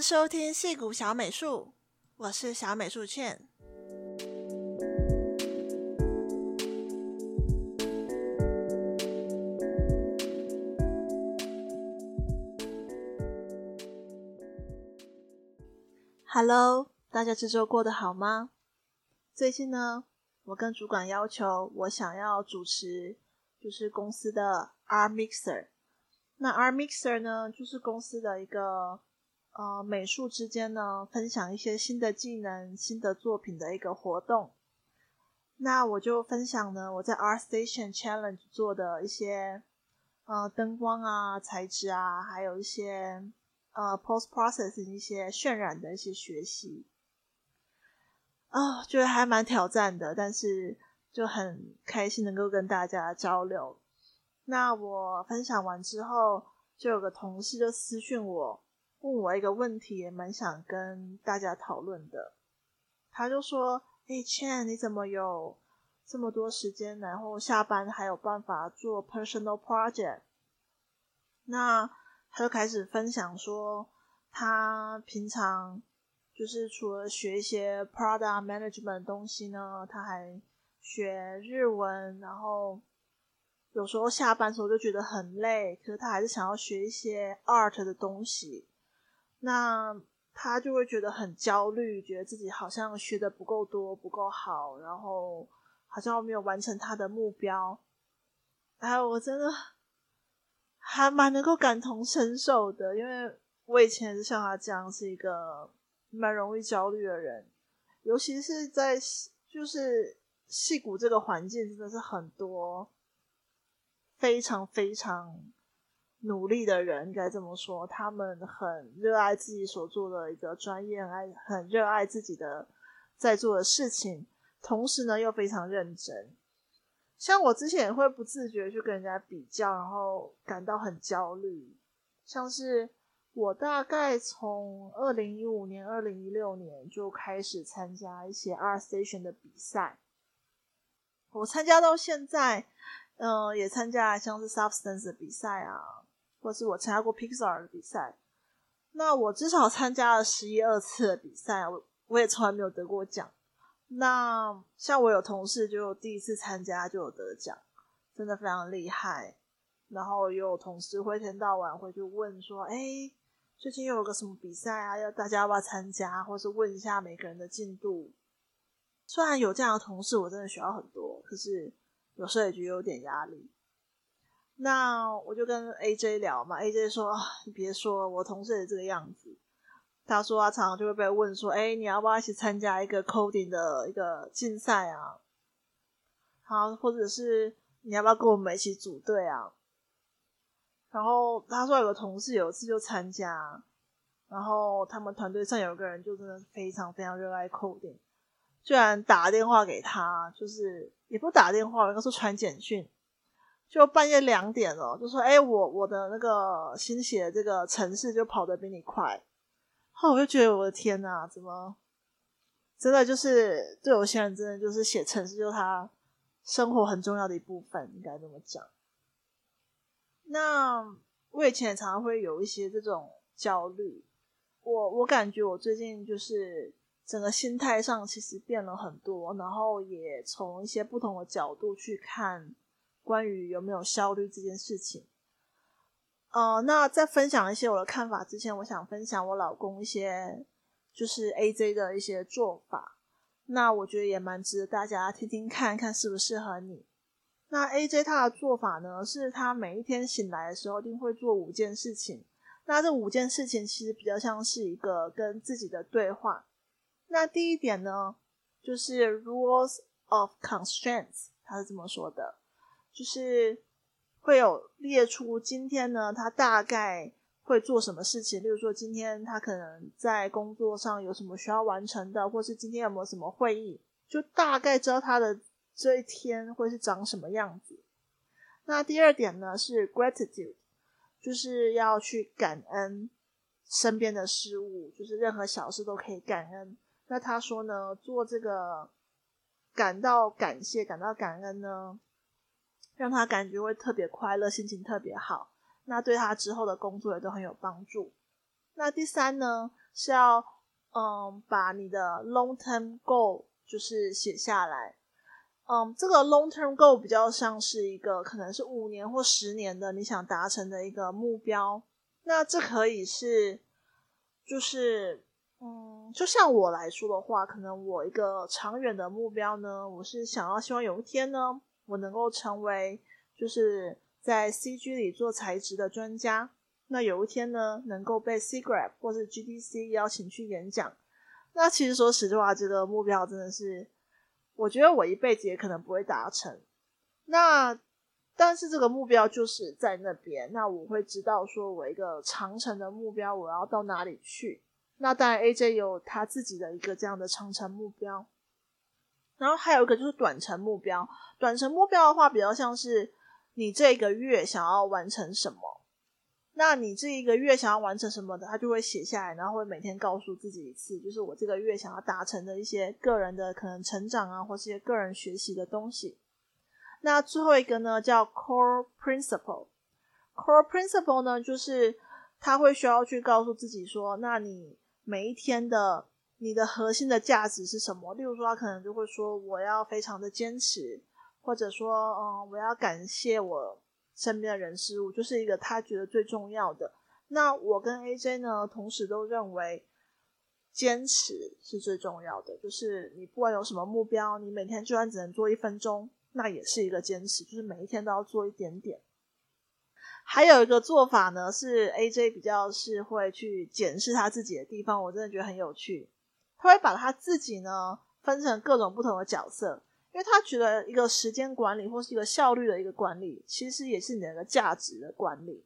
收聽矽谷小美術，我是小美術簡。Hello，大家這週過得好嗎？最近呢，我跟主管要求，我想要主持，就是公司的 art mixer。那 art mixer 呢，就是公司的一個。呃，美術之間呢，分享一些新的技能、新的作品的一個活動。那我就分享呢，我在 ArtStation Challenge 做的一些，呃，燈光啊、材質啊，還有一些呃 Post Processing 一些渲染的一些學習。啊、呃，覺得還蠻挑戰的，但是就很開心能夠跟大家交流。那我分享完之後，就有個同事就私訊我。問我一個問題，也蠻想跟大家討論的。他就說：“誒倩，Chen, 你怎麼有這麼多時間？然後下班還有辦法做 personal project？” 那他就開始分享說，他平常就是除了學一些 product management 的東西呢，他還學日文。然後有時候下班的時候就覺得很累，可是他還是想要學一些 art 的東西。那他就會覺得很焦慮，覺得自己好像學的不夠多、不夠好，然後好像沒有完成他的目標。哎，我真的還蠻能夠感同身受的，因為我以前也是像他這樣，是一個蠻容易焦慮的人，尤其是在矽就是矽谷這個環境，真的是很多，非常非常。努力的人，該這麼說，他們很熱愛自己所做的一個專業，愛很熱愛自己的在做的事情，同時呢又非常認真。像我之前也會不自覺去跟人家比較，然後感到很焦慮。像是我大概從二零一五年、二零一六年就開始參加一些 R Station 的比賽，我參加到現在，嗯、呃，也參加像是 Substance 的比賽啊。或是我參加過 Pixar 的比賽，那我至少參加了十一二次的比賽，我我也從來沒有得過獎。那像我有同事就第一次參加就有得獎，真的非常厲害。然後也有同事會天到晚會去問說，哎、欸，最近又有個什麼比賽啊？要大家要不要參加？或是問一下每個人的進度。雖然有這樣的同事，我真的學到很多，可是有時候也覺得有點壓力。那我就跟 AJ 聊嘛，AJ 說：“你別說了，我同事也是這個樣子。”他說：“他常常就會被問說，哎、欸，你要不要一起參加一個 coding 的一個競賽啊？好，或者是你要不要跟我們一起組隊啊？”然後他說，有個同事有一次就參加，然後他們團隊上有個人就真的非常非常熱愛 coding，居然打電話給他，就是也不打電話，他說傳簡訊。就半夜兩點哦，就說：“誒我我的那個新寫的這個程式，就跑得比你快。”然後我就覺得我的天哪，怎麼真的就是對有些人真的就是寫程式，就是他生活很重要的一部分，應該這麼講。那我以前也常常會有一些這種焦慮。我我感覺我最近就是整個心態上其實變了很多，然後也從一些不同的角度去看。關於有沒有效率這件事情，呃，那在分享一些我的看法之前，我想分享我老公一些就是 AJ 的一些做法。那我覺得也蠻值得大家聽聽看看，適不適合你。那 AJ 他的做法呢，是他每一天醒來的時候一定會做五件事情。那這五件事情其實比較像是一個跟自己的對話。那第一點呢，就是 Rules of Constraints，他是這麼說的。就是會有列出今天呢，他大概會做什麼事情，例如說今天他可能在工作上有什麼需要完成的，或是今天有沒有什麼會議，就大概知道他的這一天會是長什麼樣子。那第二點呢，是 gratitude，就是要去感恩身邊的事物，就是任何小事都可以感恩。那他說呢，做這個感到感謝，感到感恩呢。讓他感覺會特別快樂，心情特別好，那對他之後的工作也都很有幫助。那第三呢，是要嗯把你的 long term goal 就是寫下來。嗯，這個 long term goal 比較像是一個可能是五年或十年的你想達成的一個目標。那這可以是，就是嗯，就像我來說的話，可能我一個長遠的目標呢，我是想要希望有一天呢，我能夠成為就是在 C G 裡做材質的專家，那有一天呢，能夠被 SIGGRAPH 或是 G D C 邀請去演講，那其實說實話，這個目標真的是，我覺得我一輩子也可能不會達成。那但是這個目標就是在那邊，那我會知道說我一個長程的目標我要到哪裡去。那當然 A J 有他自己的一個這樣的長程目標。然後還有一個就是短程目標，短程目標的話比較像是你這個月想要完成什麼，那你這一個月想要完成什麼的，他就會寫下來，然後會每天告訴自己一次，就是我這個月想要達成的一些個人的可能成長啊，或是一些個人學習的東西。那最後一個呢，叫 core principle。core principle 呢，就是他會需要去告訴自己說，那你每一天的。你的核心的價值是什麼？例如說，他可能就會說：“我要非常的堅持。”或者說：“嗯，我要感謝我身邊的人事物，就是一個他覺得最重要的。”那我跟 AJ 呢，同時都認為堅持是最重要的。就是你不管有什麼目標，你每天就算只能做一分鐘，那也是一個堅持。就是每一天都要做一點點。還有一個做法呢，是 AJ 比較是會去檢視他自己的地方，我真的覺得很有趣。他會把他自己呢分成各種不同的角色，因為他覺得一個時間管理或是一個效率的一個管理，其實也是你的價值的管理。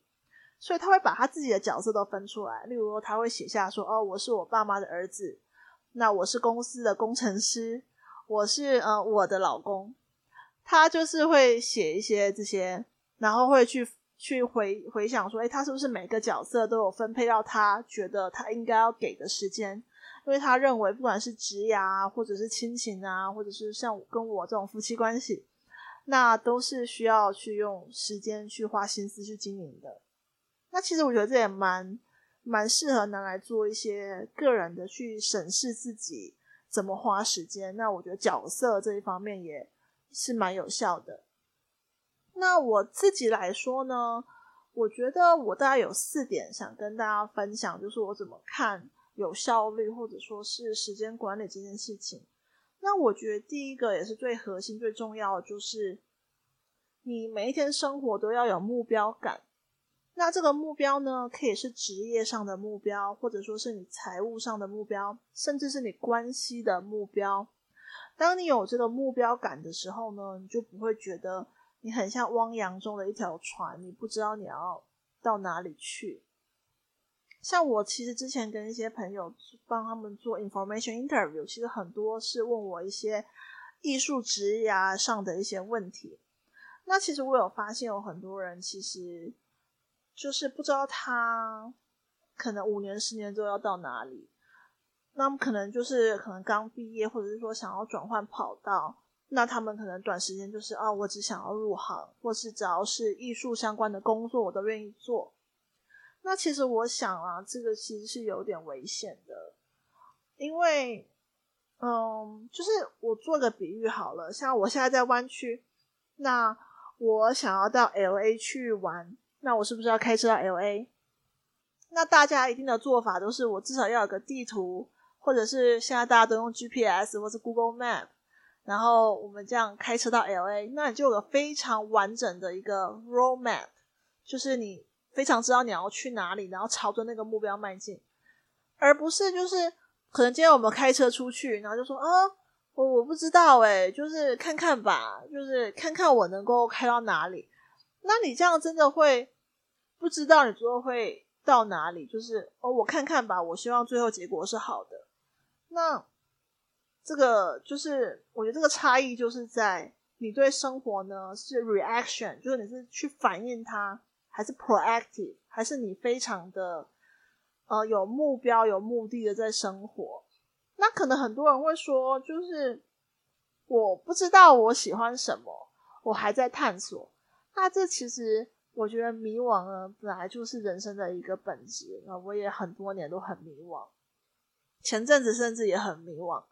所以他會把他自己的角色都分出來，例如說他會寫下說：“哦，我是我爸媽的兒子，那我是公司的工程師，我是呃我的老公。”他就是會寫一些這些，然後會去去回回想說：“哎，他是不是每個角色都有分配到他覺得他應該要給的時間？”因為他認為，不管是職涯啊，或者是親情啊，或者是像我跟我這種夫妻關係，那都是需要去用時間去花心思去經營的。那其實我覺得這也蠻蠻適合拿來做一些個人的去審視自己怎麼花時間。那我覺得角色這一方面也是蠻有效的。那我自己來說呢，我覺得我大概有四點想跟大家分享，就是我怎麼看。有效率，或者說是時間管理這件事情，那我覺得第一個也是最核心、最重要的，就是你每一天生活都要有目標感。那這個目標呢，可以是職業上的目標，或者說是你財務上的目標，甚至是你關係的目標。當你有這個目標感的時候呢，你就不會覺得你很像汪洋中的一條船，你不知道你要到哪裡去。像我其實之前跟一些朋友幫他們做 information interview，其實很多是問我一些藝術職涯上的一些問題。那其實我有發現有很多人其實就是不知道他可能五年、十年之後要到哪裡。那可能就是可能剛畢業，或者是說想要轉換跑道，那他們可能短時間就是啊，我只想要入行，或是只要是藝術相關的工作我都願意做。那其實我想啊，這個其實是有點危險的，因為，嗯，就是我做個比喻好了，像我現在在灣區，那我想要到 LA 去玩，那我是不是要開車到 LA？那大家一定的做法都是，我至少要有個地圖，或者是現在大家都用 GPS，或是 Google Map，然後我們這樣開車到 LA，那你就有個非常完整的一個 roadmap，就是你。非常知道你要去哪裡，然後朝着那個目標邁進，而不是就是可能今天我們開車出去，然後就說啊，我、哦、我不知道哎、欸，就是看看吧，就是看看我能夠開到哪裡。那你這樣真的會不知道你最後會到哪裡？就是哦，我看看吧，我希望最後結果是好的。那這個就是我覺得這個差異就是在你對生活呢是 reaction，就是你是去反映它。還是 proactive，還是你非常的呃有目標、有目的的在生活？那可能很多人會說，就是我不知道我喜歡什麼，我還在探索。那這其實我覺得迷惘呢，本來就是人生的一個本質。那、呃、我也很多年都很迷惘，前陣子甚至也很迷惘。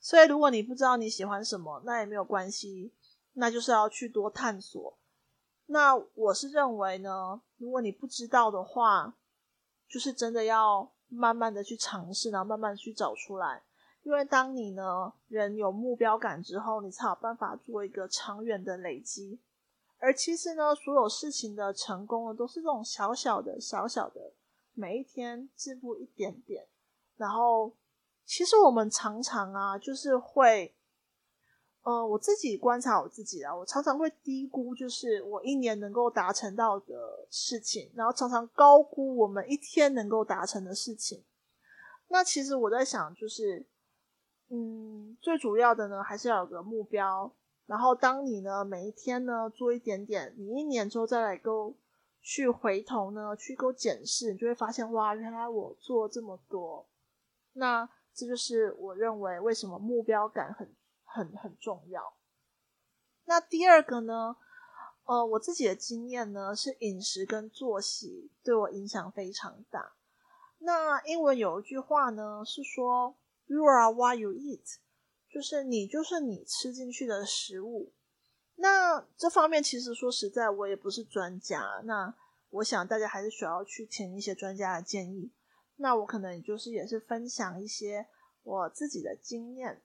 所以如果你不知道你喜歡什麼，那也沒有關係，那就是要去多探索。那我是認為呢，如果你不知道的話，就是真的要慢慢的去嘗試，然後慢慢去找出來。因為當你呢人有目標感之後，你才有辦法做一個長遠的累積。而其實呢，所有事情的成功呢，都是這種小小的、小小的每一天進步一點點。然後，其實我們常常啊，就是會。呃，我自己觀察我自己啊，我常常會低估，就是我一年能夠達成到的事情，然後常常高估我們一天能夠達成的事情。那其實我在想，就是，嗯，最主要的呢，還是要有個目標。然後，當你呢每一天呢做一點點，你一年之後再來夠去回頭呢去夠檢視，你就會發現哇，原來我做這麼多。那這就是我認為為什麼目標感很。很很重要。那第二個呢？呃，我自己的經驗呢是飲食跟作息對我影響非常大。那英文有一句話呢是說 “You are what you eat”，就是你就是你吃進去的食物。那這方面其實說實在，我也不是專家。那我想大家還是需要去請一些專家的建議。那我可能就是也是分享一些我自己的經驗。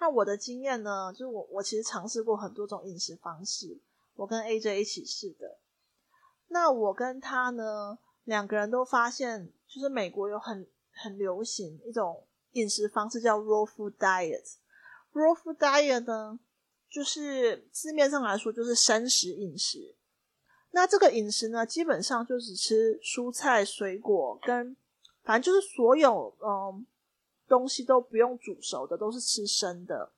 那我的經驗呢，就是我我其實嘗試過很多種飲食方式，我跟 AJ 一起試的。那我跟他呢，兩個人都發現，就是美國有很很流行一種飲食方式，叫 raw food diet。raw food diet 呢，就是字面上來說就是生食飲食。那這個飲食呢，基本上就只吃蔬菜、水果跟，反正就是所有嗯。呃東西都不用煮熟的，都是吃生的。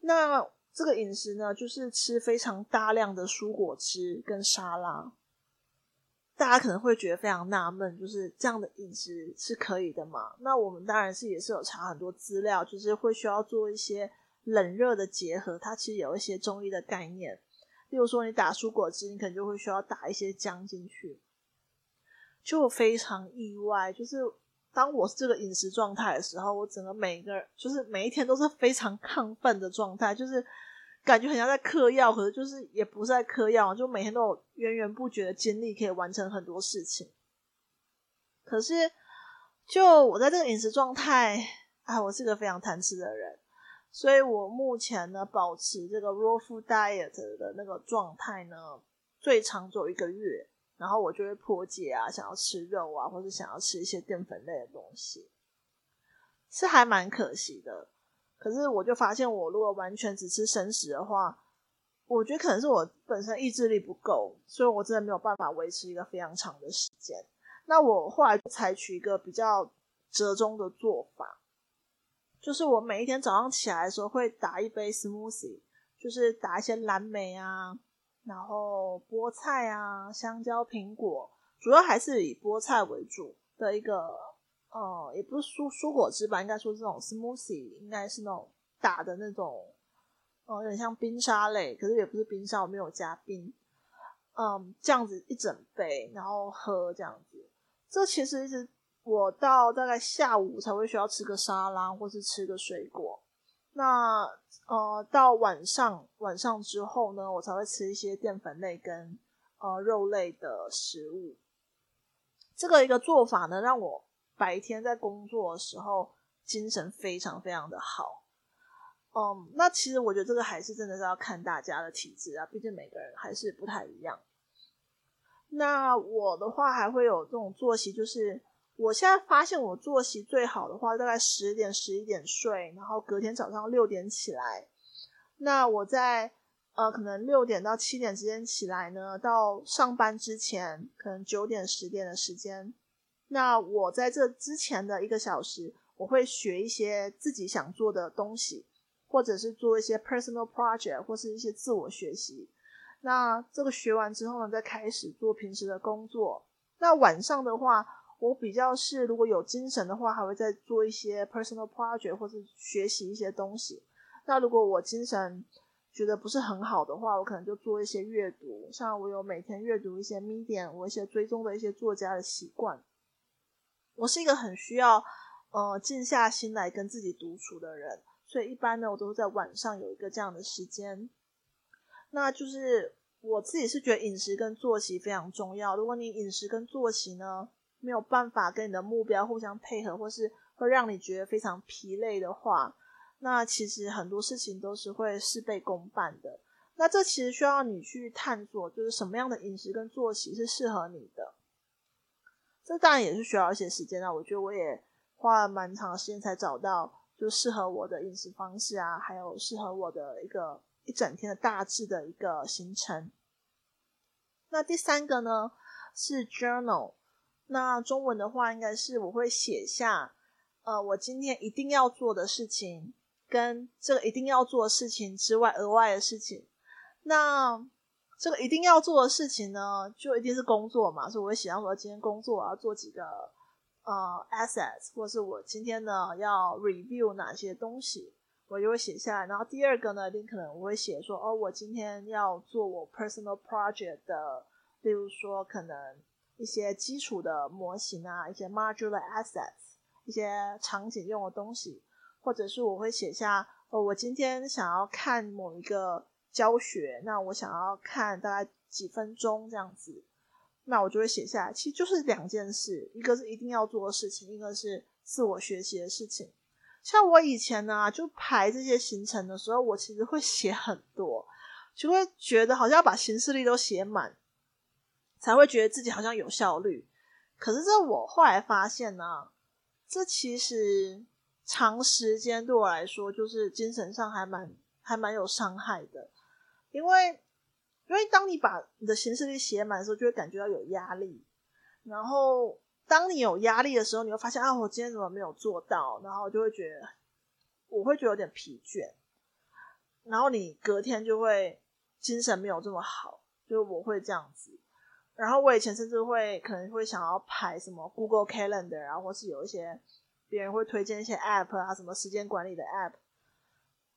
那這個飲食呢，就是吃非常大量的蔬果汁跟沙拉。大家可能會覺得非常納悶，就是這樣的飲食是可以的嗎？那我們當然是也是有查很多資料，就是會需要做一些冷熱的結合。它其實有一些中醫的概念，例如說你打蔬果汁，你可能就會需要打一些薑進去。就非常意外，就是。當我是這個飲食狀態的時候，我整個每一個就是每一天都是非常亢奮的狀態，就是感覺很像在嗑藥，可是就是也不是在嗑藥，就每天都有源源不絕的精力可以完成很多事情。可是，就我在這個飲食狀態，啊，我是一個非常貪吃的人，所以我目前呢，保持這個 raw food diet 的那個狀態呢，最長只有一個月。然後我就會破戒啊，想要吃肉啊，或是想要吃一些澱粉類的東西，是還蠻可惜的。可是我就發現，我如果完全只吃生食的話，我覺得可能是我本身意志力不夠，所以我真的沒有辦法維持一個非常長的時間。那我後來就採取一個比較折中的做法，就是我每一天早上起來的時候會打一杯 smoothie，就是打一些藍莓啊。然後菠菜啊，香蕉、蘋果，主要還是以菠菜為主的一個，呃、嗯，也不是蔬蔬果汁吧，應該說這種 smoothie，應該是那種打的那種，呃、嗯，有點像冰沙類，可是也不是冰沙，我沒有加冰，嗯，這樣子一整杯，然後喝這樣子。這其實一直，我到大概下午才會需要吃個沙拉，或是吃個水果。那呃，到晚上晚上之後呢，我才會吃一些澱粉類跟呃肉類的食物。這個一個做法呢，讓我白天在工作的時候精神非常非常的好。嗯、呃，那其實我覺得這個還是真的是要看大家的體質啊，畢竟每個人還是不太一樣。那我的話還會有這種作息，就是。我現在發現，我作息最好的話，大概十點十一點睡，然後隔天早上六點起來。那我在呃，可能六點到七點之間起來呢，到上班之前，可能九點十點的時間。那我在這之前的一個小時，我會學一些自己想做的東西，或者是做一些 personal project，或是一些自我學習。那這個學完之後呢，再開始做平時的工作。那晚上的話。我比較是，如果有精神的話，還會再做一些 personal project 或者學習一些東西。那如果我精神覺得不是很好的話，我可能就做一些閱讀。像我有每天閱讀一些 medium，我一些追蹤的一些作家的習慣。我是一個很需要，呃，靜下心來跟自己獨處的人，所以一般呢，我都是在晚上有一個這樣的時間。那就是我自己是覺得飲食跟作息非常重要。如果你飲食跟作息呢，沒有辦法跟你的目標互相配合，或是會讓你覺得非常疲累的話，那其實很多事情都是會事倍功半的。那這其實需要你去探索，就是什麼樣的飲食跟作息是適合你的。這當然也是需要一些時間啊，我覺得我也花了蠻長時間才找到，就是適合我的飲食方式啊，還有適合我的一個一整天的大致的一個行程。那第三個呢，是 journal。那中文的話，應該是我會寫下，呃，我今天一定要做的事情，跟這個一定要做的事情之外額外的事情。那這個一定要做的事情呢，就一定是工作嘛，所以我會寫上說，今天工作我要做幾個呃 assets，或是我今天呢要 review 哪些東西，我就會寫下來。然後第二個呢，一定可能我會寫說，哦，我今天要做我 personal project 的，例如說可能。一些基礎的模型啊，一些 modular assets，一些場景用的東西，或者是我會寫下，呃、哦，我今天想要看某一個教學，那我想要看大概幾分鐘這樣子，那我就會寫下來。其實就是兩件事，一個是一定要做的事情，一個是自我學習的事情。像我以前呢、啊，就排這些行程的時候，我其實會寫很多，就會覺得好像要把行事曆都寫滿。才會覺得自己好像有效率，可是這我後來發現呢，這其實長時間對我來說就是精神上還蠻還蠻有傷害的，因為因為當你把你的行事曆寫滿的時候，就會感覺到有壓力，然後當你有壓力的時候，你會發現啊，我今天怎麼沒有做到，然後就會覺得我會覺得有點疲倦，然後你隔天就會精神沒有這麼好，就我會這樣子。然後我以前甚至會可能會想要排什麼 Google Calendar 然後或是有一些別人會推薦一些 App 啊，什麼時間管理的 App，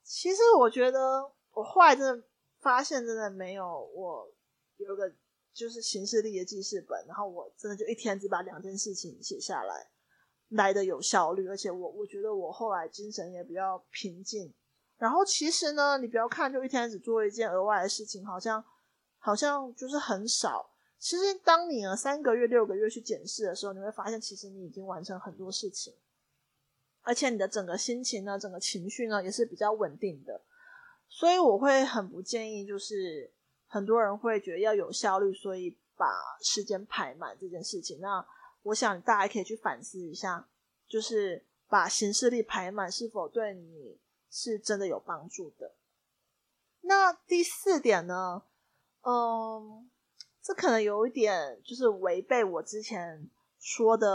其實我覺得我後來真的發現真的沒有，我有一個就是行事曆的記事本，然後我真的就一天只把兩件事情寫下來來得有效率，而且我我覺得我後來精神也比較平靜。然後其實呢，你不要看就一天只做一件額外的事情，好像好像就是很少。其實，當你呢，三個月、六個月去檢視的時候，你會發現，其實你已經完成很多事情，而且你的整個心情呢、整個情緒呢，也是比較穩定的。所以，我會很不建議，就是很多人會覺得要有效率，所以把時間排滿這件事情。那我想大家可以去反思一下，就是把行事曆排滿是否對你是真的有幫助的？那第四點呢？嗯。這可能有一點就是違背我之前說的，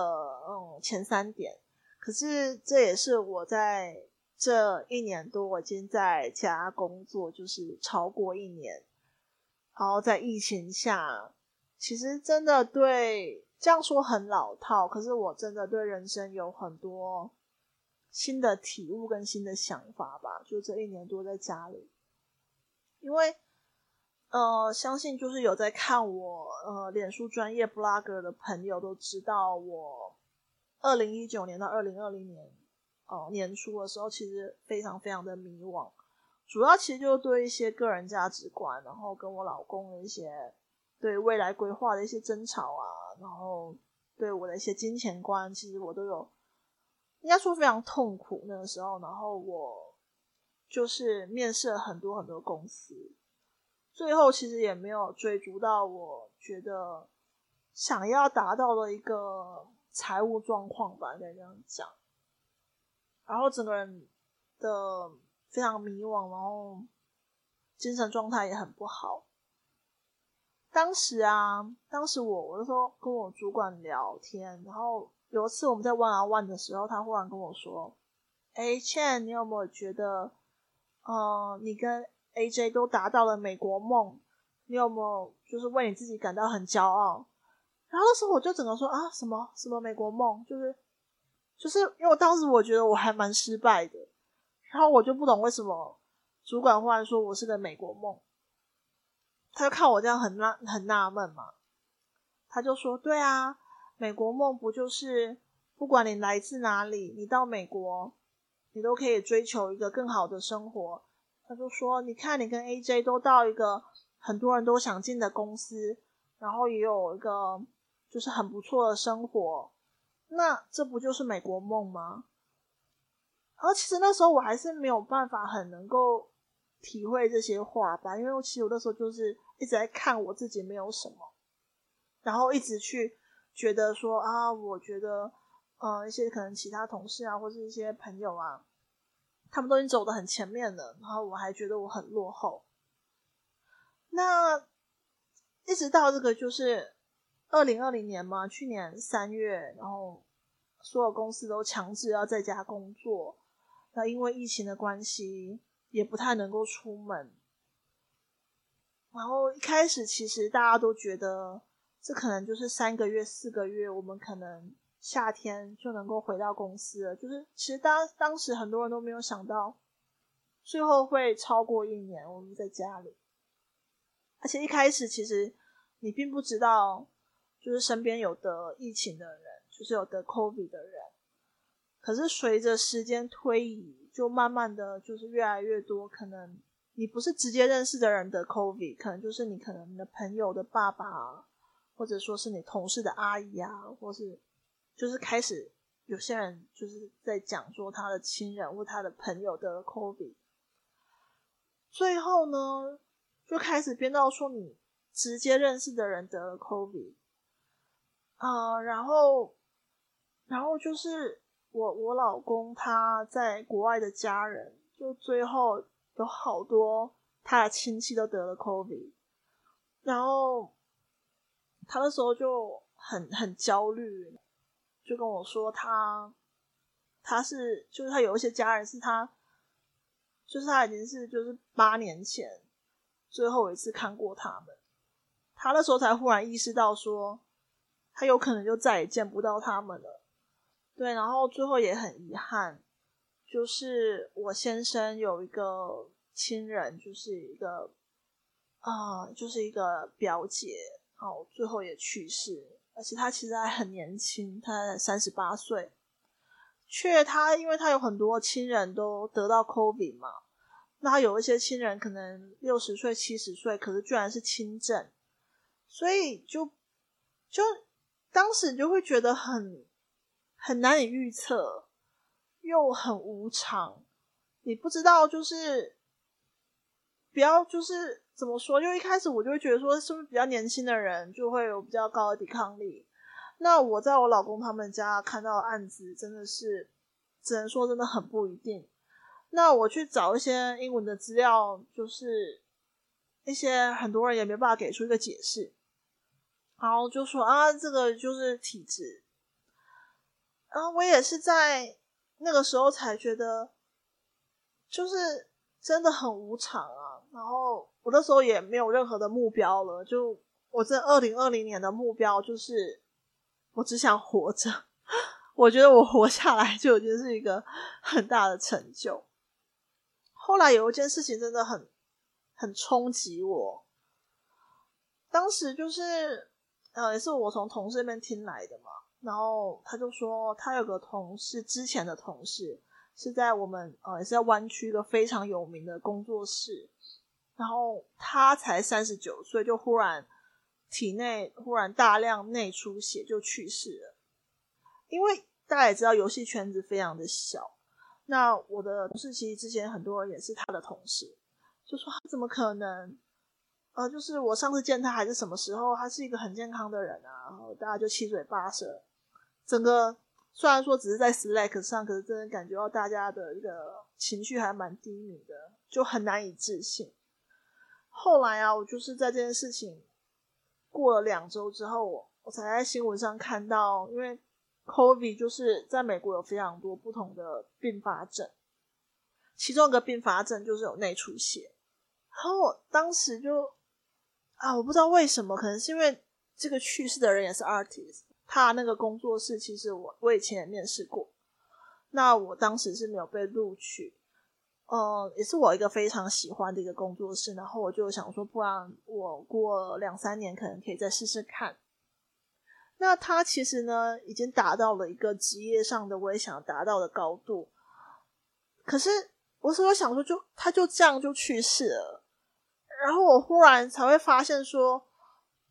嗯，前三點。可是這也是我在這一年多，我已經在家工作，就是超過一年。然後在疫情下，其實真的對，這樣說很老套，可是我真的對人生有很多新的體悟跟新的想法吧。就這一年多在家裡，因為。呃，相信就是有在看我呃，臉書專頁 blogger 的朋友都知道，我二零一九年到二零二零年，呃，年初的時候，其實非常非常的迷惘，主要其實就是對一些個人價值觀，然後跟我老公的一些對未來規劃的一些爭吵啊，然後對我的一些金錢觀，其實我都有，應該說非常痛苦那個時候，然後我就是面試了很多很多公司。最後其實也沒有追逐到，我覺得想要達到的一個財務狀況吧，可以這樣講。然後整個人的非常迷惘，然後精神狀態也很不好。當時啊，當時我我就說跟我主管聊天，然後有一次我們在 one on one 的時候，他忽然跟我說：“哎、欸，倩，你有沒有覺得，嗯、呃、你跟……” AJ 都達到了美國夢，你有沒有就是為你自己感到很驕傲？然後那時候我就整個說啊，什麼什麼美國夢，就是就是因為我當時我覺得我還蠻失敗的，然後我就不懂為什麼主管忽然說我是個美國夢，他就看我這樣很納很納悶嘛，他就說：“對啊，美國夢不就是不管你來自哪裡，你到美國你都可以追求一個更好的生活。”他就說：“你看，你跟 AJ 都到一個很多人都想進的公司，然後也有一個就是很不錯的生活，那這不就是美國夢嗎？”而其實那時候我還是沒有辦法很能夠體會這些話吧，因為我其實我那時候就是一直在看我自己沒有什麼，然後一直去覺得說啊，我覺得呃一些可能其他同事啊，或是一些朋友啊。他們都已經走得很前面了，然後我還覺得我很落後。那一直到這個就是二零二零年嘛，去年三月，然後所有公司都強制要在家工作，那因為疫情的關係，也不太能夠出門。然後一開始其實大家都覺得，這可能就是三個月、四個月，我們可能。夏天就能夠回到公司了，就是其實當當時很多人都沒有想到，最後會超過一年我們在家裡，而且一開始其實你並不知道，就是身邊有得疫情的人，就是有得 COVID 的人，可是隨着時間推移，就慢慢的就是越來越多，可能你不是直接認識的人得 COVID，可能就是你可能你的朋友的爸爸，或者說是你同事的阿姨啊，或是。就是開始，有些人就是在講說他的親人或他的朋友得了 COVID，最後呢，就開始編造說你直接認識的人得了 COVID，啊、呃，然後，然後就是我我老公他在國外的家人，就最後有好多他的親戚都得了 COVID，然後他那時候就很很焦慮。就跟我說他，他他是就是他有一些家人是他，就是他已經是就是八年前最後一次看過他們，他那時候才忽然意識到說，他有可能就再也見不到他們了。對，然後最後也很遺憾，就是我先生有一個親人，就是一個啊、呃，就是一個表姐，然後最後也去世。而且他其實還很年輕，他才三十八歲，卻他因為他有很多親人都得到 COVID 嘛，那他有一些親人可能六十歲、七十歲，可是居然是輕症，所以就就當時你就會覺得很很難以預測，又很無常，你不知道就是，不要就是。怎麼說？就一開始我就會覺得說，是不是比較年輕的人就會有比較高的抵抗力？那我在我老公他們家看到案子，真的是只能說真的很不一定。那我去找一些英文的資料，就是一些很多人也沒辦法給出一個解釋，然後就說啊，這個就是體質。然後我也是在那個時候才覺得，就是真的很無常啊。然後我那時候也沒有任何的目標了，就我這2020年的目標就是，我只想活着。我覺得我活下來就已經是一個很大的成就。後來有一件事情真的很很衝擊我，當時就是呃，也是我從同事那邊聽來的嘛，然後他就說他有個同事之前的同事是在我們呃，也是在灣區一個非常有名的工作室。然後他才三十九歲，就忽然體內忽然大量內出血，就去世了。因為大家也知道遊戲圈子非常的小，那我的同事其實之前很多人也是他的同事，就說他怎麼可能？呃，就是我上次見他還是什麼時候，他是一個很健康的人啊。然後大家就七嘴八舌，整個雖然說只是在 Slack 上，可是真的感覺到大家的一個情緒還蠻低迷的，就很難以置信。後來啊，我就是在這件事情過了兩周之後，我我才在新聞上看到，因為 COVID 就是在美國有非常多不同的併發症，其中一個併發症就是有內出血。然後我當時就，啊，我不知道為什麼，可能是因為這個去世的人也是 artist，他那個工作室其實我我以前也面試過。那我當時是沒有被錄取。呃、嗯，也是我一個非常喜歡的一個工作室，然後我就想說，不然我過兩三年可能可以再試試看。那他其實呢，已經達到了一個職業上的我也想要達到的高度。可是我所以想說就，就他就這樣就去世了。然後我忽然才會發現說，說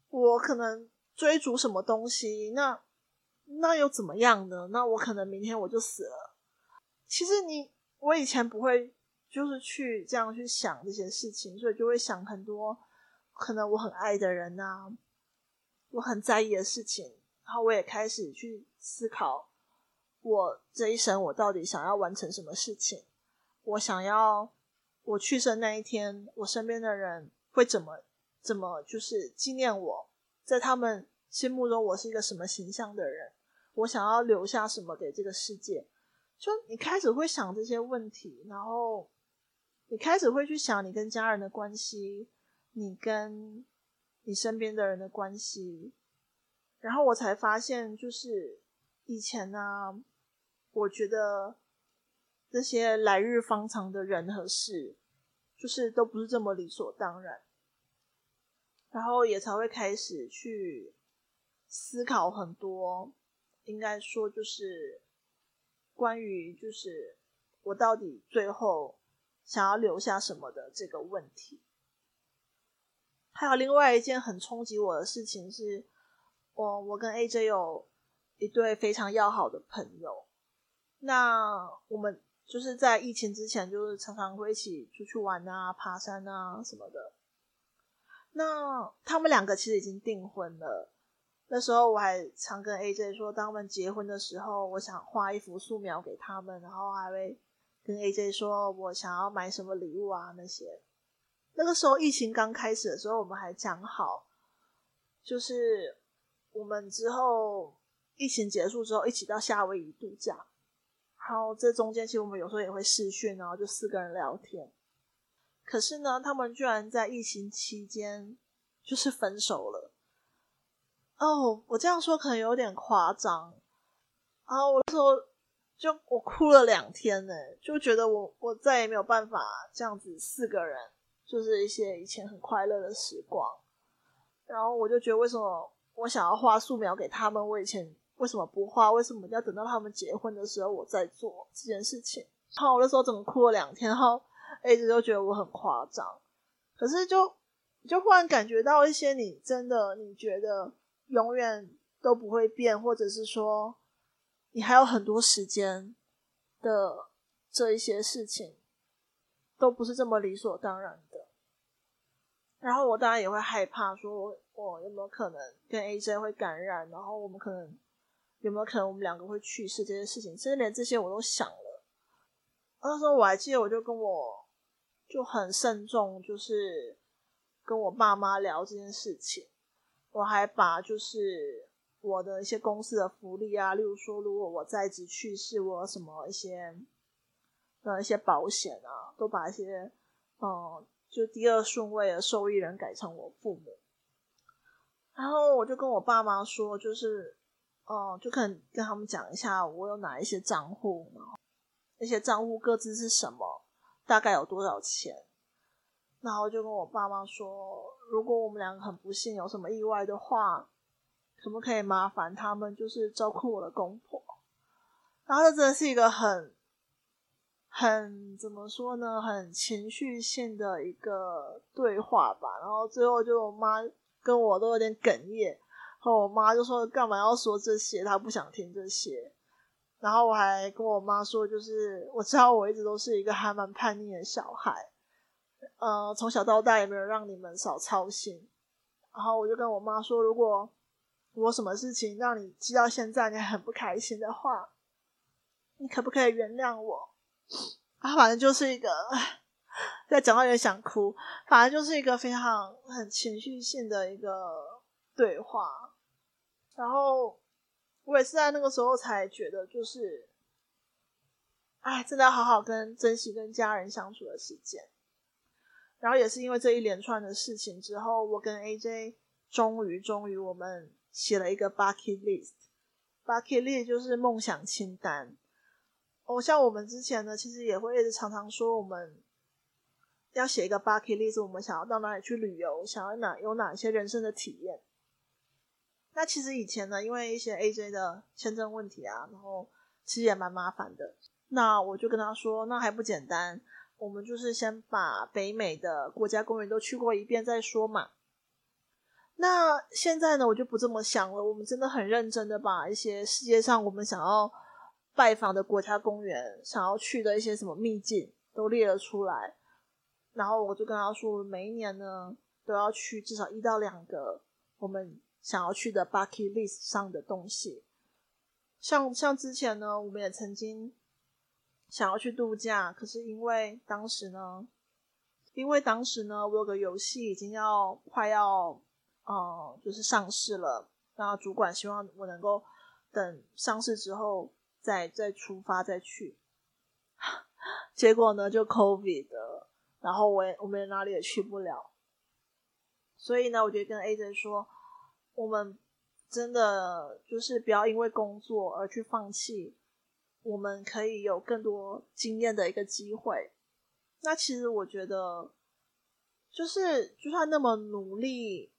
我可能追逐什麼東西，那那又怎麼樣呢？那我可能明天我就死了。其實你，我以前不會。就是去這樣去想這些事情，所以就會想很多，可能我很愛的人吶、啊，我很在意的事情，然後我也開始去思考我這一生我到底想要完成什麼事情，我想要我去世那一天，我身邊的人會怎麼怎麼就是紀念我，在他們心目中我是一個什麼形象的人，我想要留下什麼給這個世界，就你開始會想這些問題，然後。你開始會去想你跟家人的關係，你跟你身邊的人的關係，然後我才發現，就是以前呢、啊，我覺得這些來日方長的人和事，就是都不是這麼理所當然，然後也才會開始去思考很多，應該說就是關於就是我到底最後。想要留下什麼的這個問題，還有另外一件很衝擊我的事情是，我我跟 AJ 有一對非常要好的朋友，那我們就是在疫情之前，就是常常會一起出去玩啊、爬山啊什麼的。那他們兩個其實已經訂婚了，那時候我還常跟 AJ 說，當他們結婚的時候，我想畫一幅素描給他們，然後還會。跟 AJ 說，我想要買什麼禮物啊？那些，那個時候疫情剛開始的時候，我們還講好，就是我們之後疫情結束之後一起到夏威夷度假。然後這中間，其實我們有時候也會視訊，然後就四個人聊天。可是呢，他們居然在疫情期間就是分手了。哦，我這樣說可能有點誇張啊！然後我說。就我哭了兩天呢、欸，就覺得我我再也沒有辦法這樣子四個人，就是一些以前很快樂的時光。然後我就覺得，為什麼我想要畫素描給他們？我以前為什麼不畫？為什麼要等到他們結婚的時候，我再做這件事情？然後我那時候怎麼哭了兩天？然後一直都覺得我很誇張。可是就就忽然感覺到一些，你真的你覺得永遠都不會變，或者是說。你還有很多時間的這一些事情，都不是這麼理所當然的。然後我當然也會害怕說，說我我有沒有可能跟 AJ 會感染，然後我們可能有沒有可能我們兩個會去世這些事情，甚至連這些我都想了。那時候我還記得，我就跟我就很慎重，就是跟我爸媽聊這件事情，我還把就是。我的一些公司的福利啊，例如說，如果我在職去世，我有什麼一些，呃，一些保險啊，都把一些，嗯，就第二順位的受益人改成我父母。然後我就跟我爸媽說，就是，哦、嗯、就可能跟他們講一下，我有哪一些賬戶，那些賬戶各自是什麼，大概有多少錢。然後就跟我爸媽說，如果我們兩個很不幸有什麼意外的話。可不可以麻煩他們就是照顧我的公婆？然後這真的是一個很、很怎麼說呢？很情緒性的一個對話吧。然後最後就我媽跟我都有點哽咽，然後我媽就說：“幹嘛要說這些？她不想聽這些。”然後我還跟我媽說：“就是我知道我一直都是一個還蠻叛逆的小孩，嗯、呃，從小到大也沒有讓你們少操心。”然後我就跟我媽說：“如果……”我什麼事情讓你記到現在，你很不開心的話，你可不可以原諒我？啊，反正就是一個在講到有點想哭，反正就是一個非常很情緒性的一個對話。然後我也是在那個時候才覺得，就是哎，真的要好好跟珍惜跟家人相處的時間。然後也是因為這一連串的事情之後，我跟 AJ 終於終於我們。寫了一個 bucket list，bucket list 就是夢想清單。哦，像我們之前呢，其實也會一直常常說我們要寫一個 bucket list，我們想要到哪裡去旅遊，想要哪有哪些人生的體驗。那其實以前呢，因為一些 AJ 的簽證問題啊，然後其實也蠻麻煩的。那我就跟他說，那還不簡單，我們就是先把北美的國家公園都去過一遍再說嘛。那現在呢，我就不這麼想了。我們真的很認真的把一些世界上我們想要拜訪的國家公園、想要去的一些什麼秘境都列了出來。然後我就跟他說，每一年呢都要去至少一到兩個我們想要去的 bucket list 上的東西像，像像之前呢，我們也曾經想要去度假，可是因為當時呢，因為當時呢，我有個遊戲已經要快要。哦、嗯，就是上市了，然後主管希望我能夠等上市之後再再出發再去， 結果呢就 COVID 的，然後我也，我們也哪裡也去不了，所以呢，我就跟 AJ 說，我們真的就是不要因為工作而去放棄，我們可以有更多經驗的一個機會。那其實我覺得，就是就算那麼努力。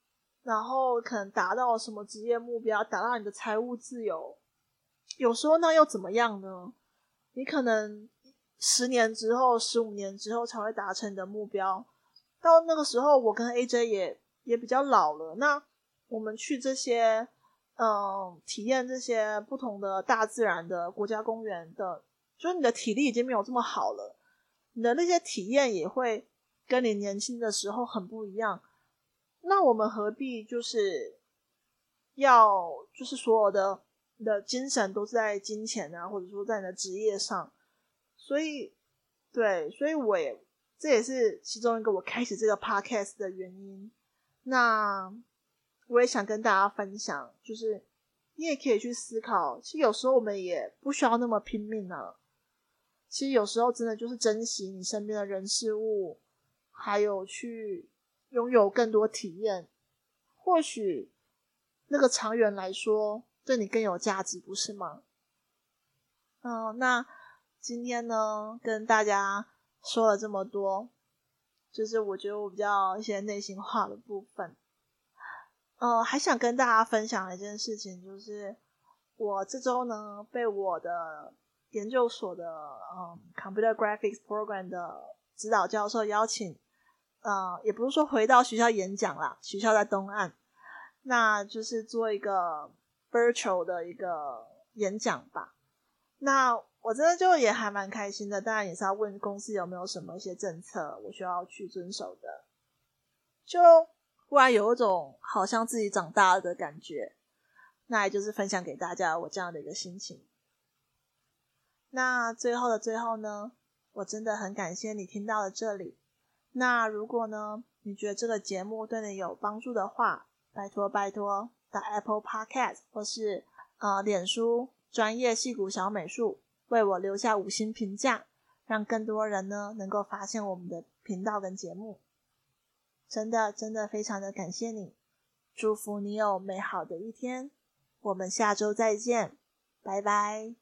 然後可能達到什麼職業目標，達到你的財務自由，有時候那又怎麼樣呢？你可能十年之後、十五年之後才會達成你的目標。到那個時候，我跟 AJ 也也比較老了。那我們去這些，嗯、呃，體驗這些不同的大自然的國家公園的，就是你的體力已經沒有這麼好了，你的那些體驗也會跟你年輕的時候很不一樣。那我們何必就是要就是所有的的精神都是在金錢啊，或者說在你的職業上？所以，對，所以我也，這也是其中一個我開始這個 podcast 的原因。那我也想跟大家分享，就是你也可以去思考，其實有時候我們也不需要那麼拼命了啊，其實有時候真的就是珍惜你身邊的人事物，還有去，擁有更多體驗，或許那個長遠來說對你更有價值，不是嗎？嗯，那今天呢，跟大家說了這麼多，就是我覺得我比較一些內心話的部分。呃、嗯，還想跟大家分享一件事情，就是我這週呢被我的研究所的嗯 Computer Graphics Program 的指導教授邀請。呃，也不是說回到學校演講啦，學校在東岸，那就是做一個 virtual 的一個演講吧。那我真的就也還蠻開心的，當然也是要問公司有沒有什麼一些政策我需要去遵守的。就忽然有一種好像自己長大了的感覺，那也就是分享給大家我這樣的一個心情。那最後的最後呢，我真的很感謝你聽到了這裡。那如果呢，你覺得這個節目對你有幫助的話，拜託拜託在 Apple Podcast 或是呃臉書專頁矽谷小美術為我留下五星評價，讓更多人呢能夠發現我們的頻道跟節目。真的真的非常的感謝你，祝福你有美好的一天，我們下周再見，拜拜。